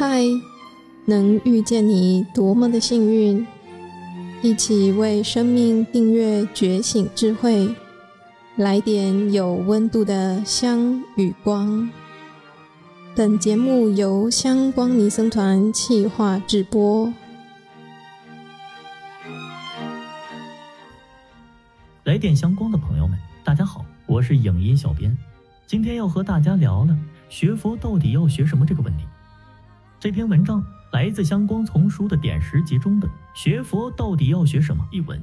嗨，能遇見你多麼的幸運！一起為生命訂閱覺醒智慧，來點有溫度的香與光。本節目由香光尼僧團企劃製播。來點香光的朋友們，大家好，我是影音小編，今天要和大家聊聊學佛到底要學什麼這個問題。這篇文章來自《香光叢書》的《點石集》中的《學佛到底要學什麼》一文，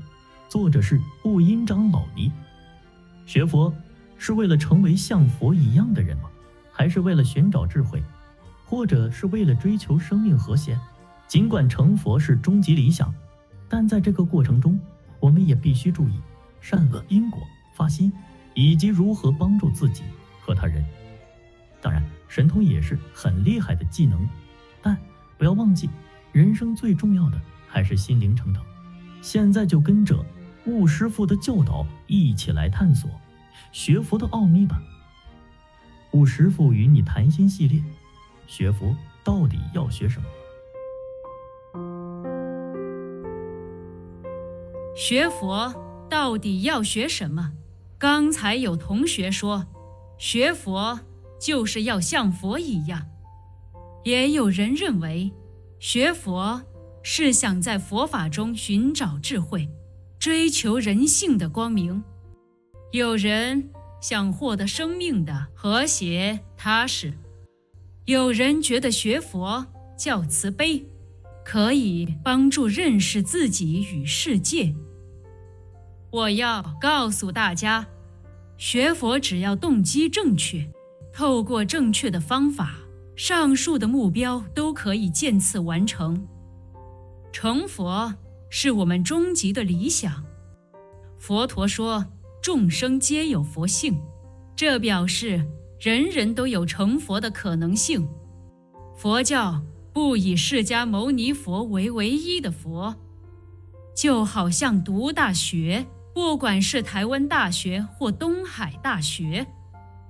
作者是悟因長老尼。學佛是為了成為像佛一樣的人嗎？還是為了尋找智慧，或者是為了追求生命和諧？儘管成佛是終極理想，但在這個過程中，我們也必須注意善惡、因果、發心，以及如何幫助自己和他人。當然，神通也是很厲害的技能。但不要忘記，人生最重要的還是心靈成長。現在就跟着悟師父的教導一起來探索學佛的奧秘吧。悟師父與你談心系列：學佛到底要學什麼？學佛到底要學什麼？剛才有同學說，學佛就是要像佛一樣。也有人認為，學佛是想在佛法中尋找智慧，追求人性的光明；有人想獲得生命的和諧踏實；有人覺得學佛較慈悲，可以幫助認識自己與世界。我要告訴大家，學佛只要動機正確，透過正確的方法，上述的目標都可以漸次完成。成佛是我們終極的理想。佛陀說：“眾生皆有佛性”，這表示人人都有成佛的可能性。佛教不以釋迦牟尼佛為唯一的佛，就好像讀大學，不管是台灣大學或東海大學，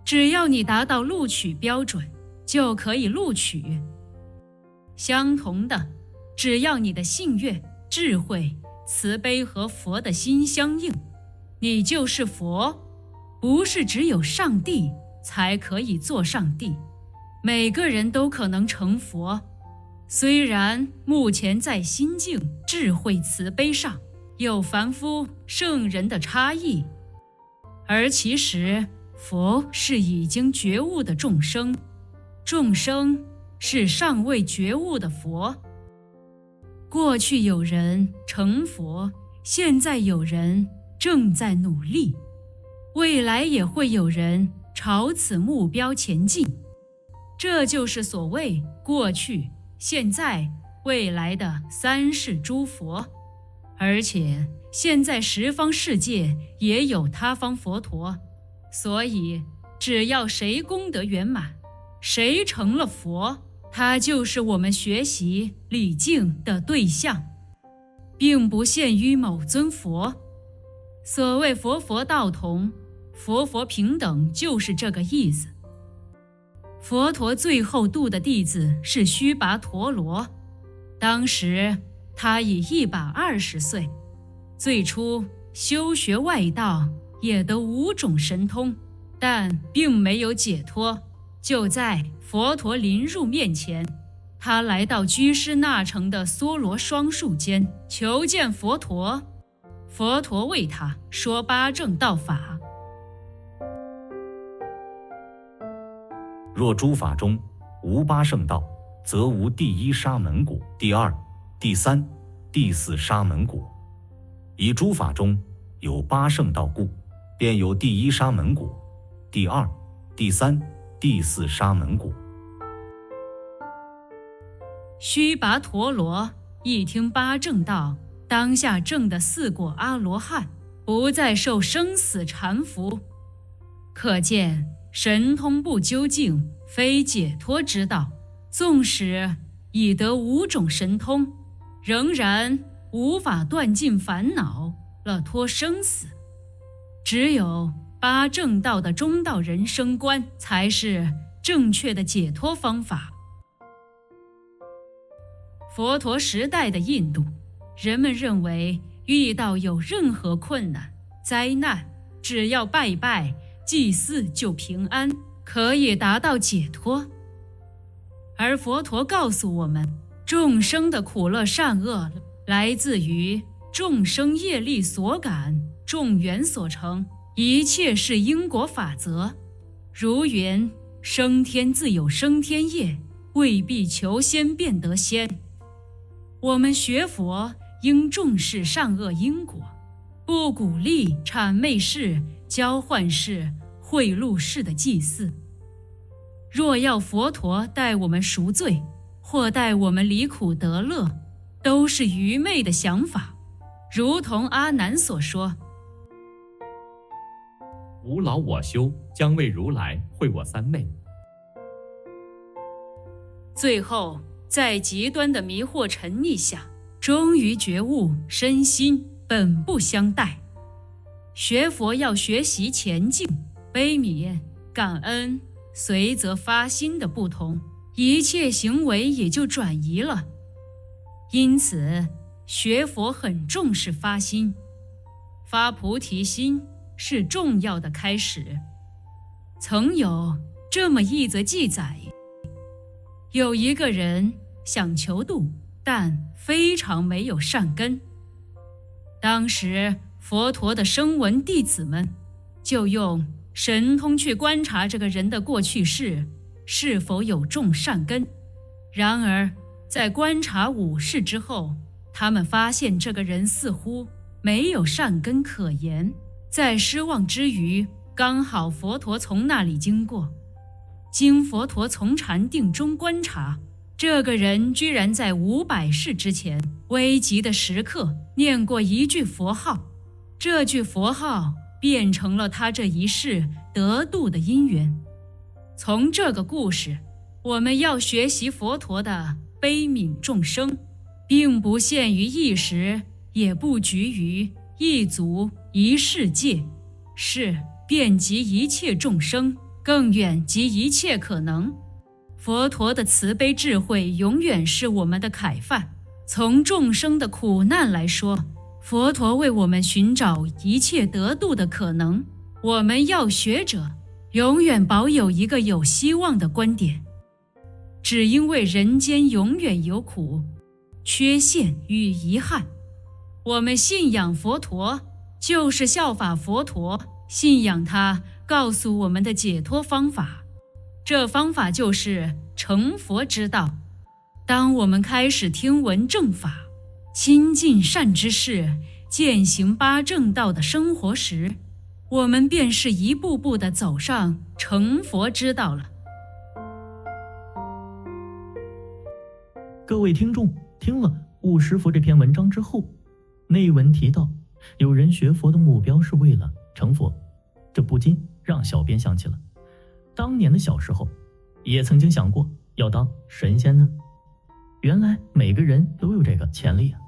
只要你達到錄取標準。就可以錄取。相同的，只要你的信願、智慧、慈悲和佛的心相應，你就是佛。不是只有上帝才可以做上帝，每個人都可能成佛。雖然目前在心境、智慧、慈悲上有凡夫、聖人的差異，而其實佛是已經覺悟的眾生。眾生是尚未覺悟的佛。過去有人成佛，現在有人正在努力，未來也會有人朝此目標前進。這就是所謂過去、現在、未來的三世諸佛。而且現在十方世界也有他方佛陀，所以只要誰功德圓滿，誰成了佛，他就是我們學習禮敬的對象，並不限於某尊佛。所謂“佛佛道同，佛佛平等”，就是這個意思。佛陀最後度的弟子是須跋陀羅，當時他已一百二十歲。最初修學外道，也得五種神通，但並沒有解脫。就在佛陀臨入面前，他來到拘屍那城的娑羅雙樹間求見佛陀。佛陀為他說八正道法：若諸法中無八聖道，則無第一沙門果；第二、第三、第四沙門果。以諸法中有八聖道故，便有第一沙門果；第二、第三。第四沙門果，須跋陀羅一聽八正道，當下證得四果阿羅漢，不再受生死纏縛。可見神通不究竟，非解脫之道。縱使已得五種神通，仍然無法斷盡煩惱，了脫生死。只有，八正道的中道人生觀才是正確的解脫方法。佛陀時代的印度，人們認為遇到有任何困難、災難，只要拜拜、祭祀就平安，可以達到解脫。而佛陀告訴我們，眾生的苦樂善惡來自於眾生業力所感、眾緣所成。一切是因果法則，如云升天自有升天業，未必求仙便得仙。我們學佛應重視善惡因果，不鼓勵諂媚式、交換式、賄賂式的祭祀。若要佛陀代我們贖罪，或代我們離苦得樂，都是愚昧的想法。如同阿難所說。無勞我修，將為如來會我三昧。最後，在極端的迷惑沉溺下，終於覺悟，身心本不相待。學佛要學習前進、悲憫、感恩，隨則發心的不同，一切行為也就轉移了。因此，學佛很重視發心，發菩提心。是重要的開始。曾有這麼一則記載：有一個人想求度，但非常沒有善根。當時佛陀的聲聞弟子們就用神通去觀察這個人的過去世是否有種善根。然而，在觀察五世之後，他們發現這個人似乎沒有善根可言。在失望之餘，剛好佛陀從那裡經過。經佛陀從禪定中觀察，這個人居然在五百世之前危急的時刻念過一句佛號，這句佛號變成了他這一世得度的因緣。從這個故事，我們要學習佛陀的悲憫眾生，並不限於一時，也不局限於。一族一世界，是遍及一切眾生，更遠及一切可能。佛陀的慈悲智慧永遠是我們的楷範。從眾生的苦難來說，佛陀為我們尋找一切得度的可能。我們要學者，永遠保有一個有希望的觀點，只因為人間永遠有苦、缺陷與遺憾。我們信仰佛陀，就是效法佛陀，信仰他告訴我們的解脫方法。這方法就是成佛之道。當我們開始聽聞正法，親近善知識，踐行八正道的生活時，我們便是一步步的走上成佛之道了。各位聽眾，聽了悟師父這篇文章之後。內文提到，有人學佛的目標是為了成佛，這不禁讓小編想起了當年的小時候，也曾經想過要當神仙呢。原來每個人都有這個潛力啊！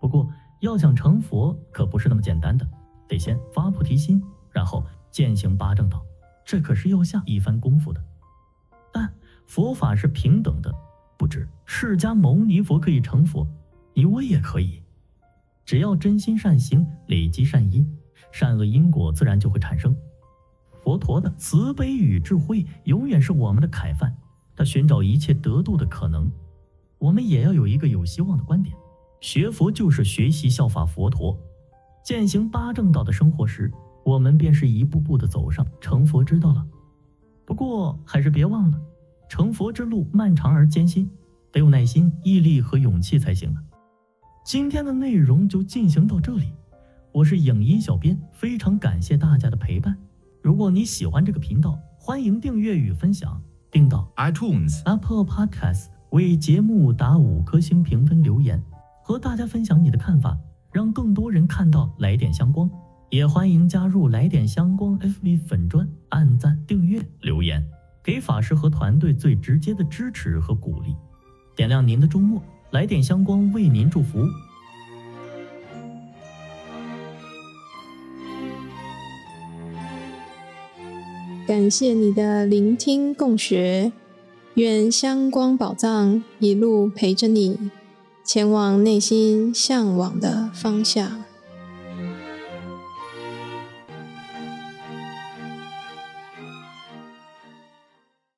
不過要想成佛可不是那麼簡單的，得先發菩提心，然後踐行八正道，這可是要下一番功夫的。但佛法是平等的，不止釋迦牟尼佛可以成佛，你我也可以。只要真心善行，累積善因，善惡因果自然就會產生。佛陀的慈悲與智慧永遠是我們的楷範，他尋找一切得度的可能。我們也要有一個有希望的觀點，學佛就是學習效法佛陀，踐行八正道的生活時，我們便是一步步的走上成佛之道了。不過，還是別忘了，成佛之路漫長而艱辛，得有耐心、毅力和勇氣才行啊。今天的內容就進行到這裡，我是影音小編，非常感謝大家的陪伴。如果你喜歡這個頻道，歡迎訂閱與分享，訂到 iTunes、Apple Podcasts 為節目打五顆星評分，留言和大家分享你的看法，讓更多人看到。來點香光，也歡迎加入來點香光 FB 粉專，按讚、訂閱、留言，給法師和團隊最直接的支持和鼓勵，點亮您的周末。來點香光為您祝福，感謝你的聆聽共學，願香光寶藏一路陪着你，前往內心嚮往的方向。